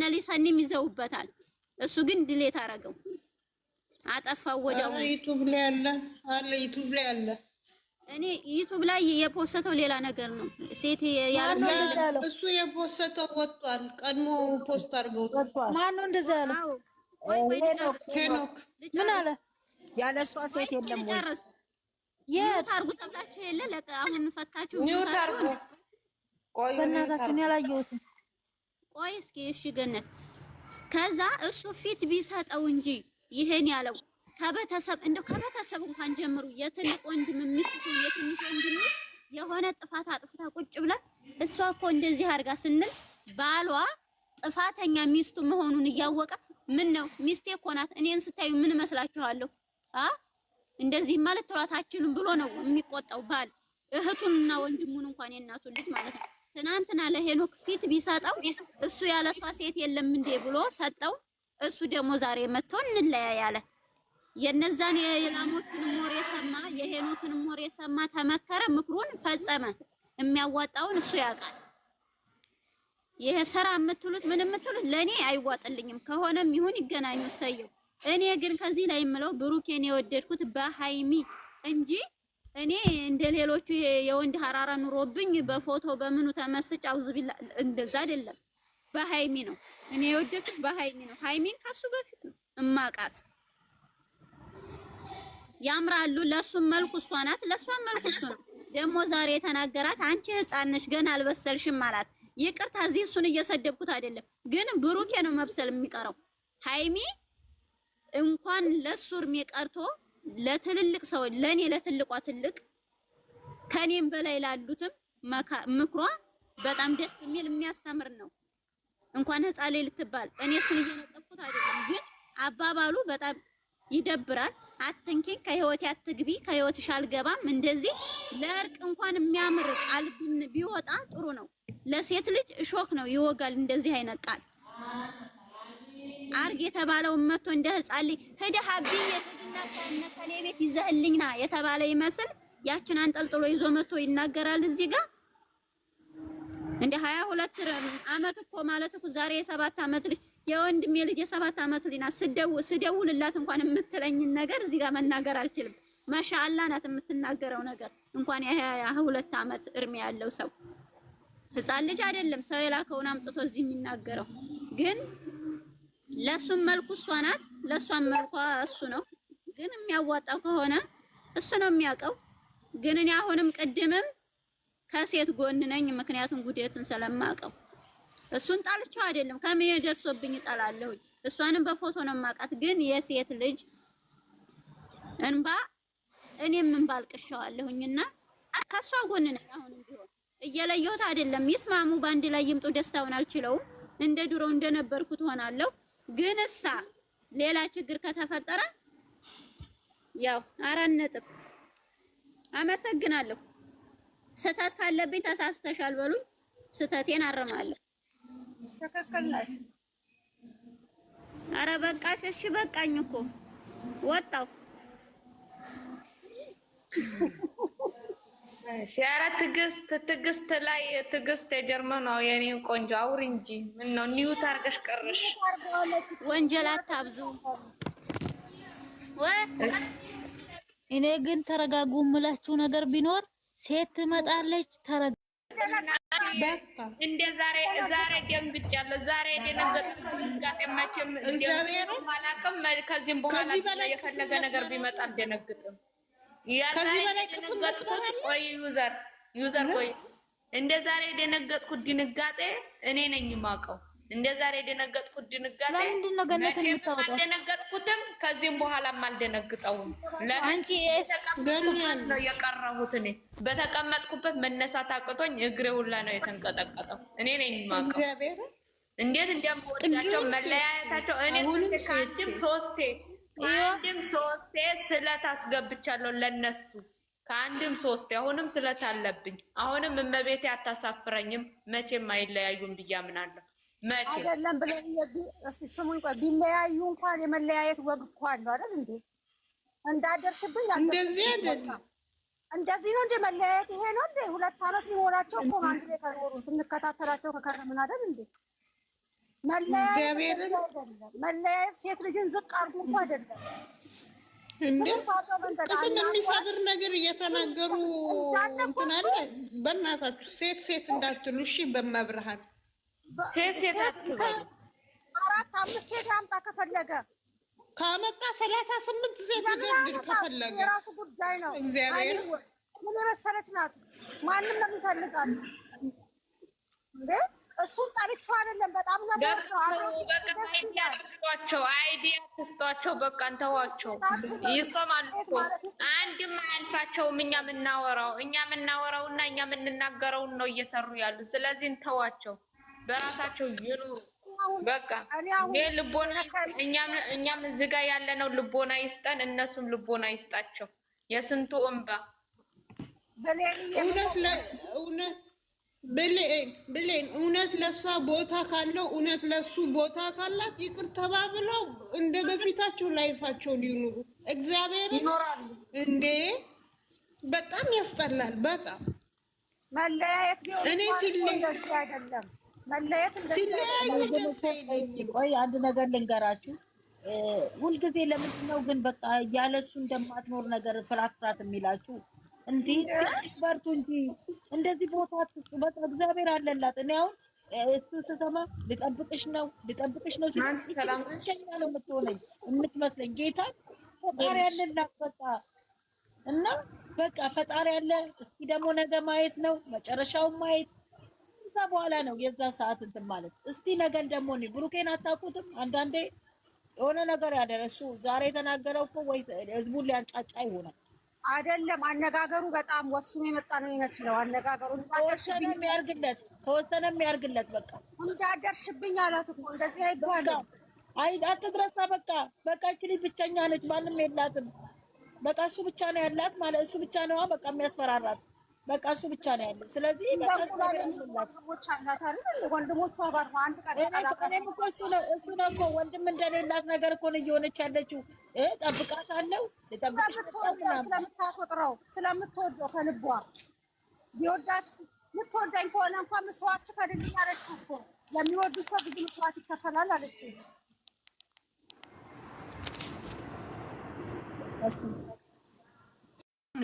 እነ ሊሰኒም ይዘውበታል። እሱ ግን ድሌት አረገው አጠፋው ወደ ዩቱብ ላይ አለ አለ ዩቱብ ላይ አለ። እኔ ዩቱብ ላይ የፖስተው ሌላ ነገር ነው። ሴት ያለው እሱ የፖስተው ወጥቷል። ቀድሞ ፖስት አድርገው ወጥቷል። ማን ነው እንደዛ ያለው? ሄኖክ ምን አለ? ያለ እሷ ሴት የለም ወይ? የት አድርጉ ተብላችሁ የለ? አሁን ፈታችሁ። ቆዩ በእናታችሁ እኔ አላየሁትም። ቆይ እስኪ እሺ ገነት፣ ከዛ እሱ ፊት ቢሰጠው እንጂ ይሄን ያለው ከቤተሰብ እንደው ከቤተሰብ እንኳን ጀምሩ የትልቅ ወንድም ሚስት የትንሽ ወንድም ሚስት የሆነ ጥፋት አጥፍታ ቁጭ ብለን እሷ እኮ እንደዚህ አድርጋ ስንል ባሏ ጥፋተኛ ሚስቱ መሆኑን እያወቀ ምን ነው ሚስቴ እኮ ናት እኔን ስታዩ ምን መስላችኋለሁ? አ እንደዚህ ማለት ትሏታችንም ብሎ ነው የሚቆጣው ባል እህቱንና ወንድሙን እንኳን የእናቱን ልጅ ማለት ነው ትናንትና ለሄኖክ ፊት ቢሰጠው እሱ ያለሷ ሴት የለም እንዴ ብሎ ሰጠው። እሱ ደግሞ ዛሬ መጥቶ እንለያይ የነዛን የላሞችን ሞር ሰማ፣ የሄኖክን ሞር ሰማ፣ ተመከረ፣ ምክሩን ፈጸመ። የሚያዋጣውን እሱ ያውቃል። ይሄ ስራ የምትሉት ምን የምትሉት ለኔ አይዋጥልኝም። ከሆነም ይሁን ይገናኙ ሰየው። እኔ ግን ከዚህ ላይ የምለው ብሩኬን የወደድኩት በሃይሚ እንጂ እኔ እንደ ሌሎቹ የወንድ ሀራራ ኑሮብኝ በፎቶ በምኑ ተመስጭ አውዝ ቢላ እንደዛ አይደለም። በሃይሚ ነው እኔ የወደድኩት በሃይሚ ነው። ሃይሚን ከሱ በፊት ነው እማቃት። ያምራሉ። ለሱም መልኩ እሷ ናት፣ ለሷም መልኩ እሱ ነው። ደግሞ ዛሬ የተናገራት አንቺ ህፃን ነሽ ገና አልበሰልሽም አላት። ይቅርታ እዚህ እሱን እየሰደብኩት አይደለም፣ ግን ብሩኬ ነው መብሰል የሚቀረው። ሃይሚ እንኳን ለሱ እድሜ ቀርቶ ለትልልቅ ሰው ለኔ ለትልቋ ትልቅ ከኔም በላይ ላሉትም ምክሯ በጣም ደስ የሚል የሚያስተምር ነው። እንኳን ህፃን ላይ ልትባል እኔ እሱን እየነጠቁት አይደለም፣ ግን አባባሉ በጣም ይደብራል። አትንኪን፣ ከህይወት አትግቢ፣ ከህይወትሽ አልገባም። እንደዚህ ለእርቅ እንኳን የሚያምር ቃል ቢወጣ ጥሩ ነው። ለሴት ልጅ እሾክ ነው፣ ይወጋል። እንደዚህ አይነት ቃል አርግ የተባለውን መቶ እንደ ህፃን ልጅ ሂደህ አብዬ እነከሌ ቤት ይዘህልኝ ና የተባለ ይመስል ያችን አንጠልጥሎ ይዞ መጥቶ ይናገራል። እዚህ ጋር እንደ ሀያ ሁለት አመት እኮ ማለት እኮ ዛሬ የሰባት አመት ልጅ የወንድሜ ልጅ የሰባት አመት ልጅ ናት። ስደውልላት እንኳን የምትለኝን ነገር እዚህ ጋር መናገር አልችልም። ማሻአላ ናት የምትናገረው ነገር እንኳን የሀያ ሁለት አመት እድሜ ያለው ሰው ህፃን ልጅ አይደለም። ሰው የላከውን አምጥቶ እዚህ የሚናገረው ግን ለሱም መልኩ እሷ ናት፣ ለሷም መልኳ እሱ ነው። ግን የሚያዋጣው ከሆነ እሱ ነው የሚያውቀው። ግን እኔ አሁንም ቅድምም ከሴት ጎን ነኝ፣ ምክንያቱም ጉዴትን ስለማውቀው እሱን ጣልቸው አይደለም ከምን ደርሶብኝ እጣላለሁኝ። እሷንም በፎቶ ነው የማውቃት። ግን የሴት ልጅ እንባ እኔም እንባልቅሻዋለሁኝና ከሷ ጎን ነኝ። አሁንም ቢሆን እየለየሁት አይደለም። ይስማሙ፣ በአንድ ላይ ይምጡ። ደስታውን አልችለውም። እንደ ድሮው እንደነበርኩ ትሆናለሁ። ግን እሳ ሌላ ችግር ከተፈጠረ ያው አራት ነጥብ። አመሰግናለሁ። ስህተት ካለብኝ ተሳስተሻል በሉኝ፣ ስህተቴን አርማለሁ። ትክክል ነሽ። አረ በቃሽ። እሺ በቃኝ እኮ ወጣው። ኧረ ትዕግስት ትዕግስት ላይ ትዕግስት የጀርመናው የኔ ቆንጆ አውሪ እንጂ ምን ነው ኒውት አድርገሽ ቀርሽ። ወንጀል አታብዙ። እኔ ግን ተረጋጉ የምላችሁ ነገር ቢኖር ሴት ትመጣለች። ተረጋ እንደ ዛሬ ዛሬ ደንግጫለሁ። ዛሬ ከዚህም በኋላ የፈለገ ነገር ቢመጣ አልደነግጥም። ከዚህ በላይ ቆይ ዩዘር ዩዘር፣ ቆይ እንደ ዛሬ ድንጋጤ እኔ ነኝ የማውቀው እንደ ዛሬ የደነገጥኩት ድንጋጤ ለምንድን ነው ገነት የምታወጣው? አልደነገጥኩትም፣ ከዚህም በኋላም አልደነግጠውም። ለምን ነው የቀረሁት? እኔ በተቀመጥኩበት መነሳት አቅቶኝ እግሬ ሁላ ነው የተንቀጠቀጠው። እኔ ነኝ የማውቀው እንዴት እንደምወዳቸው መለያየታቸው። እኔ ከአንድም ሶስቴ ከአንድም ሶስቴ ስለት አስገብቻለሁ ለነሱ ከአንድም ሶስቴ አሁንም ስለት አለብኝ። አሁንም እመቤቴ አታሳፍረኝም፣ መቼም አይለያዩም ብዬ አምናለሁ። አይደለም ብለን እስቲ ስሙን ቆይ፣ ቢለያዩ እንኳን የመለያየት ወግ እኮ አለው አይደል እንዴ? እንዳደርሽብኝ እንደዚህ አይደለም እንደዚህ ነው እንደ መለያየት ይሄ ነው ሁለት ሊሞላቸው እኮ አንድ ላይ ከኖሩ ስንከታተላቸው ከከረምን አይደል እንዴ? መለያየት ሴት ልጅን ዝቅ አድርጎ እኮ አይደለም ቅስም የሚሰብር ነገር እየተናገሩ እንትን አለ። በእናታችሁ ሴት ሴት እንዳትሉ እሺ፣ በመብርሃን ሴት ሴት አራት አምስት ሴት አምጣ ከፈለገ ከመጣ ሰላሳ ስምንት ሴት ይደርድር ከፈለገ የራሱ ጉዳይ ነው። እግዚአብሔር ምን የመሰለች ናት። ማንም ነው እንዴ እሱን ጠልቼው አይደለም። በጣም ነው አይዲያ ትስጧቸው፣ በቃ እንተዋቸው፣ ይሰማሉ። አንድም አያልፋቸውም። እኛ የምናወራው እኛ የምናወራውና እኛ የምንናገረውን ነው እየሰሩ ያሉ። ስለዚህ እንተዋቸው። በራሳቸው ይኑሩ። በቃ ይህ ልቦና እኛም እዚህ ጋ ያለነው ልቦና ይስጠን፣ እነሱም ልቦና ይስጣቸው። የስንቱ እንባ ብሌን እውነት ለእሷ ቦታ ካለው እውነት ለሱ ቦታ ካላት ይቅር ተባብለው እንደ በፊታቸው ላይፋቸው ሊኑሩ እግዚአብሔር ይኖራሉ እንዴ! በጣም ያስጠላል። በጣም መለያየት እኔ ሲል አይደለም ቆይ አንድ ነገር ልንገራችሁ። ሁልጊዜ ለምንድን ነው ግን በቃ ያለሱ እንደማትኖር ነገር ፍራት ፍራት የሚላችሁ? እንዲህ በርቱ እንጂ እንደዚህ ቦታ አትስጡ። በቃ እግዚአብሔር አለላት። እኔ አሁን እሱ ስሰማ ልጠብቅሽ ነው ልጠብቅሽ ነው ሲለኝ ነው የምትሆነኝ የምትመስለኝ ጌታ ፈጣሪ ያለላት በቃ እና በቃ ፈጣሪ ያለ እስኪ ደግሞ ነገ ማየት ነው መጨረሻውን ማየት ከዛ በኋላ ነው የዛ ሰዓት እንትን ማለት። እስቲ ነገን ደግሞ እኔ ብሩኬን አታውቁትም። አንዳንዴ የሆነ ነገር ያደረሱ ዛሬ የተናገረው እኮ ወይ ህዝቡን ሊያንጫጫ ይሆናል አይደለም። አነጋገሩ በጣም ወስኑ የመጣ ነው ይመስለው። አነጋገሩ ተወሰነ የሚያርግለት ተወሰነ የሚያርግለት በቃ እንዳደርሽብኝ አላት እኮ እንደዚህ አይባልም። አይ አትድረሳ። በቃ በቃ ችሊ ብቸኛ ነች፣ ማንም የላትም። በቃ እሱ ብቻ ነው ያላት ማለት እሱ ብቻ ነዋ በቃ የሚያስፈራራት በቃ እሱ ብቻ ነው ያለው። ስለዚህ እሱ ነው እኮ ወንድም እንደሌላት ነገር እኮ ነው እየሆነች ያለችው። ጠብቃት አለው ስለምታቆጥረው ስለምትወደው ከልቧ ቢወዳት የምትወዳኝ ከሆነ እንኳን መስዋዕት ትፈልልኝ አለችው እኮ። ለሚወዱ ሰው ብዙ መስዋዕት ይከፈላል አለችው።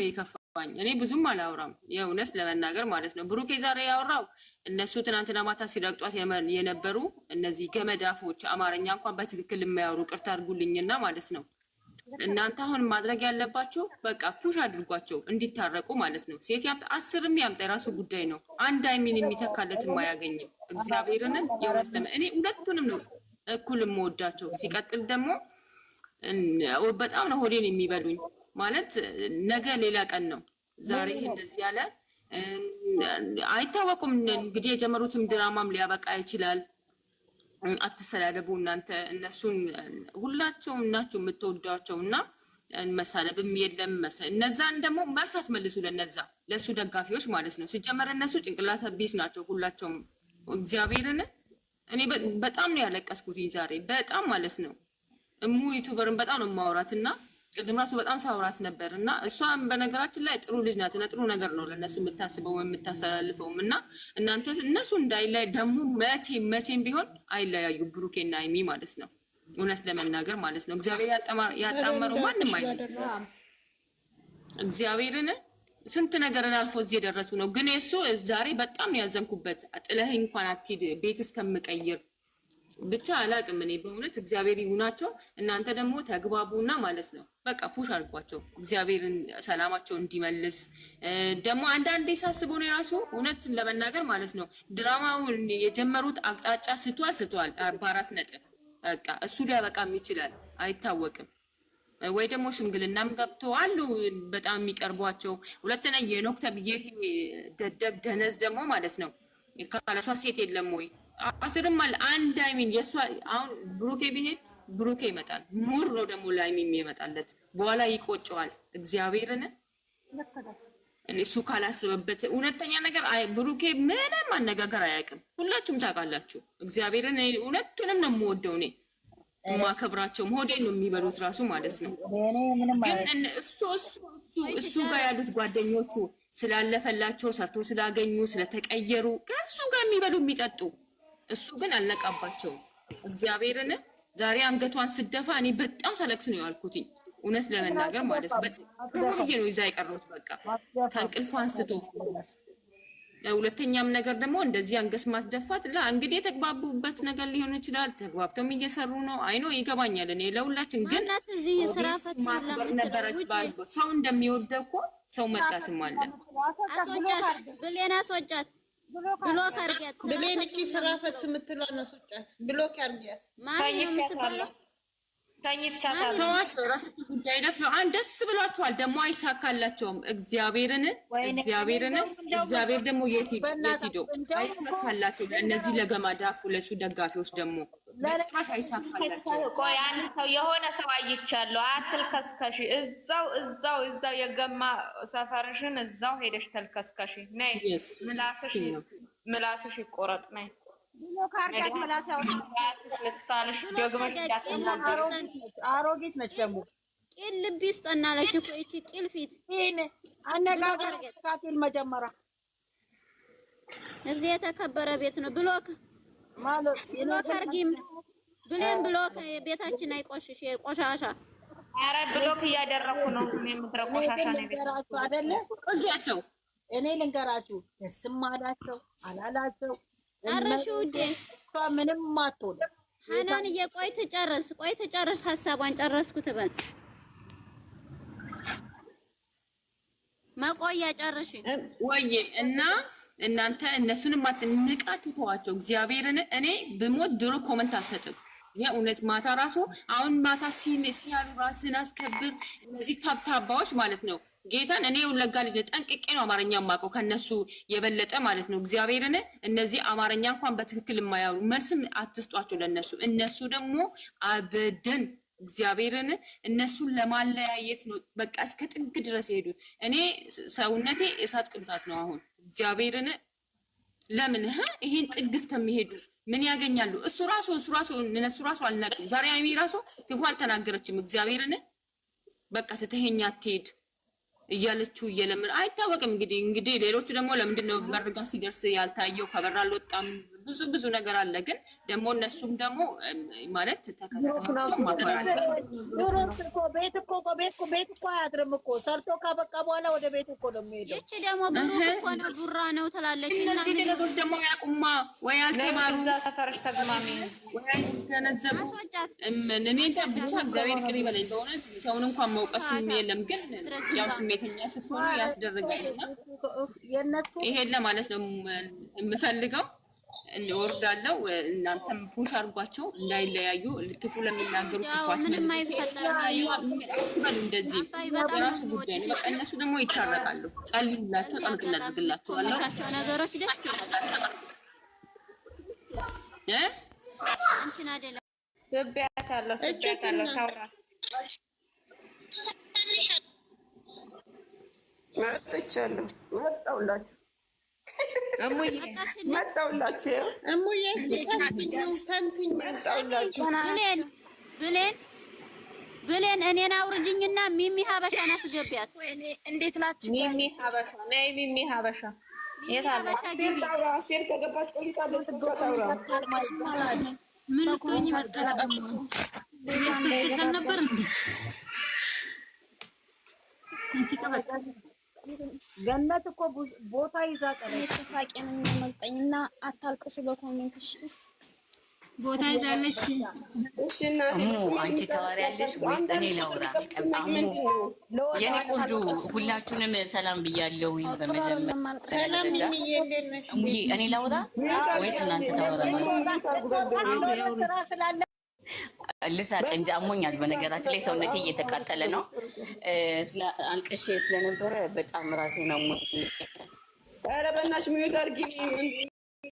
የከፈ እኔ ብዙም አላወራም የእውነት ለመናገር ማለት ነው። ብሩኬ ዛሬ ያወራው እነሱ ትናንትና ማታ ሲረግጧት የነበሩ እነዚህ ገመዳፎች አማርኛ እንኳን በትክክል የማያወሩ ቅርታ አድርጉልኝና ማለት ነው። እናንተ አሁን ማድረግ ያለባቸው በቃ ፑሽ አድርጓቸው እንዲታረቁ ማለት ነው። ሴት ያምጣ አስርም ያምጣ የራሱ ጉዳይ ነው። አንድ አይሚን የሚተካለት አያገኝም። እግዚአብሔርንም የእውነት ለመ እኔ ሁለቱንም ነው እኩል የምወዳቸው። ሲቀጥል ደግሞ በጣም ነው ሆዴን የሚበሉኝ ማለት ነገ ሌላ ቀን ነው። ዛሬ እንደዚህ ያለ አይታወቁም። እንግዲህ የጀመሩትም ድራማም ሊያበቃ ይችላል። አትሰዳደቡ እናንተ እነሱን ሁላቸውም እናቸው የምትወዷቸው እና መሳለብም የለም እነዛን ደግሞ መልስ አትመልሱ ለነዛ ለእሱ ደጋፊዎች ማለት ነው። ሲጀመር እነሱ ጭንቅላት ቢስ ናቸው ሁላቸውም። እግዚአብሔርን እኔ በጣም ነው ያለቀስኩት ዛሬ በጣም ማለት ነው። እሙ ዩቱበርን በጣም ነው የማውራት እና ቅድም ራሱ በጣም ሳውራት ነበር እና እሷም በነገራችን ላይ ጥሩ ልጅ ናት እና ጥሩ ነገር ነው ለእነሱ የምታስበው የምታስተላልፈውም እና እናንተ እነሱ እንዳይላይ ደግሞ መቼም መቼም ቢሆን አይለያዩ ብሩኬና ሀይሚ ማለት ነው። እውነት ለመናገር ማለት ነው እግዚአብሔር ያጣመረው ማንም አይ እግዚአብሔርን ስንት ነገርን አልፎ እዚህ የደረሱ ነው። ግን የሱ ዛሬ በጣም ያዘንኩበት ጥለህ እንኳን አትሂድ ቤት እስከምቀይር ብቻ አላቅም እኔ በእውነት እግዚአብሔር ይሁናቸው። እናንተ ደግሞ ተግባቡና ማለት ነው። በቃ ፑሽ አድርጓቸው እግዚአብሔርን ሰላማቸው እንዲመልስ። ደግሞ አንዳንዴ ሳስበው ነው የራሱ እውነት ለመናገር ማለት ነው ድራማውን የጀመሩት አቅጣጫ ስቷል ስቷል፣ በአራት ነጥብ በቃ እሱ ሊያበቃም ይችላል አይታወቅም። ወይ ደግሞ ሽምግልናም ገብተው አሉ በጣም የሚቀርቧቸው። ሁለተኛ የኖክ ተብዬ ደደብ ደነዝ ደግሞ ማለት ነው ካለሷ ሴት የለም ወይ አስርም አለ አንድ አይሚን የእሷ አሁን ብሩኬ ቢሄድ ብሩኬ ይመጣል። ሙር ነው ደግሞ ላይሚም የሚመጣለት በኋላ ይቆጨዋል። እግዚአብሔርን እሱ ካላስበበት እውነተኛ ነገር ብሩኬ ምንም አነጋገር አያውቅም። ሁላችሁም ታውቃላችሁ። እግዚአብሔርን እውነቱንም ነው የምወደው እኔ ማከብራቸውም ሆዴ ነው የሚበሉት ራሱ ማለት ነው። ግን እሱ እሱ ጋር ያሉት ጓደኞቹ ስላለፈላቸው ሰርቶ ስላገኙ ስለተቀየሩ ከእሱ ጋር የሚበሉ የሚጠጡ እሱ ግን አልነቃባቸውም። እግዚአብሔርን ዛሬ አንገቷን ስደፋ እኔ በጣም ሰለክስ ነው ያልኩትኝ እውነት ለመናገር ማለት በጣም ብዬ ነው ይዛ የቀረሁት። በቃ ከእንቅልፍ አንስቶ ሁለተኛም ነገር ደግሞ እንደዚህ አንገስ ማስደፋት ላ እንግዲህ የተግባቡበት ነገር ሊሆን ይችላል። ተግባብቶም እየሰሩ ነው። አይኖ ይገባኛል። እኔ ለሁላችን ግን ሰው እንደሚወደው እኮ ሰው መጣትም አለ። ብሌን አስወጫት ብሎክ አርጊያት። ብሌን እቺ ስራ ፈት የምትለው ነሱጫት ብሎክ አርጊያት። ማን ነው የምትባለው? ተዋቸው፣ የራሳቸው ጉዳይ ነው። አሁን ደስ ብሏቸዋል። ደግሞ አይሳካላቸውም። እግዚአብሔርን እግዚአብሔርን እግዚአብሔር ደግሞ የት ሂዶ አይሳካላቸው። ለእነዚህ ለገማዳፉ ደጋፊዎች ደግሞ ጭራሽ አይሳካላቸው። ቆይ አንድ ሰው የሆነ ሰው አይቻለሁ፣ እዛው እዛው እዛው የገማ ሰፈርሽን እዛው ሄደሽ ነይ ምላስሽ ይቆረጥ ነይ አሮጌት ነች ደግሞ ቂል ልብ ይስጠናለች እኮ ይቺ ቂል ፊት አነጋገር ካፊል መጀመሪያ እዚህ የተከበረ ቤት ነው። ብሎክ ብሎክ አድርጊም ብሌን ብሎክ ቤታችን አይቆሽሽ ቆሻሻ። ኧረ ብሎክ እያደረኩ ነው የምትረ አይደለ እያቸው እኔ ልንገራችሁ ደስም አላቸው አላላቸው ጨረሽ ውዴ። ምንም አትሆንም ሀናንዬ። ቆይ ትጨርስ፣ ቆይ ትጨርስ ሀሳቧን። ጨረስኩ ትበል መቆያ ጨረሽ ወይ? እና እናንተ እነሱንም አትንቃችሁ ተዋቸው። እግዚአብሔርን እኔ ብሞት ድሮ ኮመንት አልሰጥም። የእውነት ማታ ራሱ አሁን ማታ ሲያሉ ራስን አስከብር እነዚህ ታብታባዎች ማለት ነው ጌታን እኔ የወለጋ ልጅ ጠንቅቄ ነው አማርኛ የማውቀው ከነሱ የበለጠ ማለት ነው። እግዚአብሔርን እነዚህ አማርኛ እንኳን በትክክል የማያሉ መልስም አትስጧቸው ለነሱ። እነሱ ደግሞ አብድን እግዚአብሔርን እነሱን ለማለያየት ነው በቃ እስከ ጥግ ድረስ የሄዱት። እኔ ሰውነቴ እሳት ቅንጣት ነው። አሁን እግዚአብሔርን ለምን ይሄን ጥግ እስከሚሄዱ ምን ያገኛሉ? እሱ ራሱ እሱ ራሱ እነሱ ራሱ አልነቅም። ዛሬ አይሚ ራሱ ክፉ አልተናገረችም። እግዚአብሔርን በቃ ትተኸኝ አትሄድ እያለችው እየለምን አይታወቅም። እንግዲህ እንግዲህ ሌሎቹ ደግሞ ለምንድን ነው በርጋ ሲደርስ ያልታየው ከበራ አልወጣም ብዙ ብዙ ነገር አለ። ግን ደግሞ እነሱም ደግሞ ማለት ተከታተቤት እኮ ቤት ቤት እኮ አያድርም እኮ ሰርቶ ካበቃ በኋላ ወደ ቤት እኮ ነው የሚሄደው። ይቺ ደግሞ ብሩክ እኮ ነው ዱራ ነው ትላለች። እነዚህ ድረቶች ደግሞ ያቁማ ወይ አልተማሩ ወይ እኔ ብቻ እግዚአብሔር ይቅር ይበለኝ በእውነት ሰውን እንኳን መውቀስ የለም። ግን ያው ስሜተኛ ስትሆኑ ያስደርጋል። ይሄን ለማለት ነው የምፈልገው። እንወርዳለው። እናንተም ፑሽ አድርጓቸው እንዳይለያዩ። ክፉ ለሚናገሩ ክፉ አስመልበሉ። እንደዚህ የራሱ ጉዳይ ነው። በቃ እነሱ ደግሞ ይታረቃሉ። ጸልዩላቸው፣ ጸሎት እናደርግላቸዋለሁ። ነገሮች መጥቻለሁ። መጣሁላችሁ መጣሁላችሁ ብሌን እኔን አውርጅኝና ሚሚ ሀበሻ ናት ገቢያት። እንዴት ናችሁ? ሚሚ ሀበሻ ነይ፣ ሚሚ ሀበሻ የት አለ? አስቴር ከገባች ቆይታ ምን ልትሆኝ መጣች? ነበር እንዴ ገነት እኮ ቦታ ይዛ ቀለች። ሳቄን የሚያመልጠኝና አታልቅሱ በኮሜንት እሺ። ቦታ ይዛለች። እሺ አንቺ ታወሪያለሽ ወይስ እኔ ላውራ? የኔ ቆንጆ ሁላችሁንም ሰላም ብያለሁ። በመጀመሪያ እኔ ላውራ ወይስ እናንተ ታወራ? ልሳቅ እንጂ አሞኛል። በነገራችን ላይ ሰውነቴ እየተቃጠለ ነው። አንቅሼ ስለነበረ በጣም ራሴ ነው። ኧረ በእናትሽ ሚዩት አድርጊ።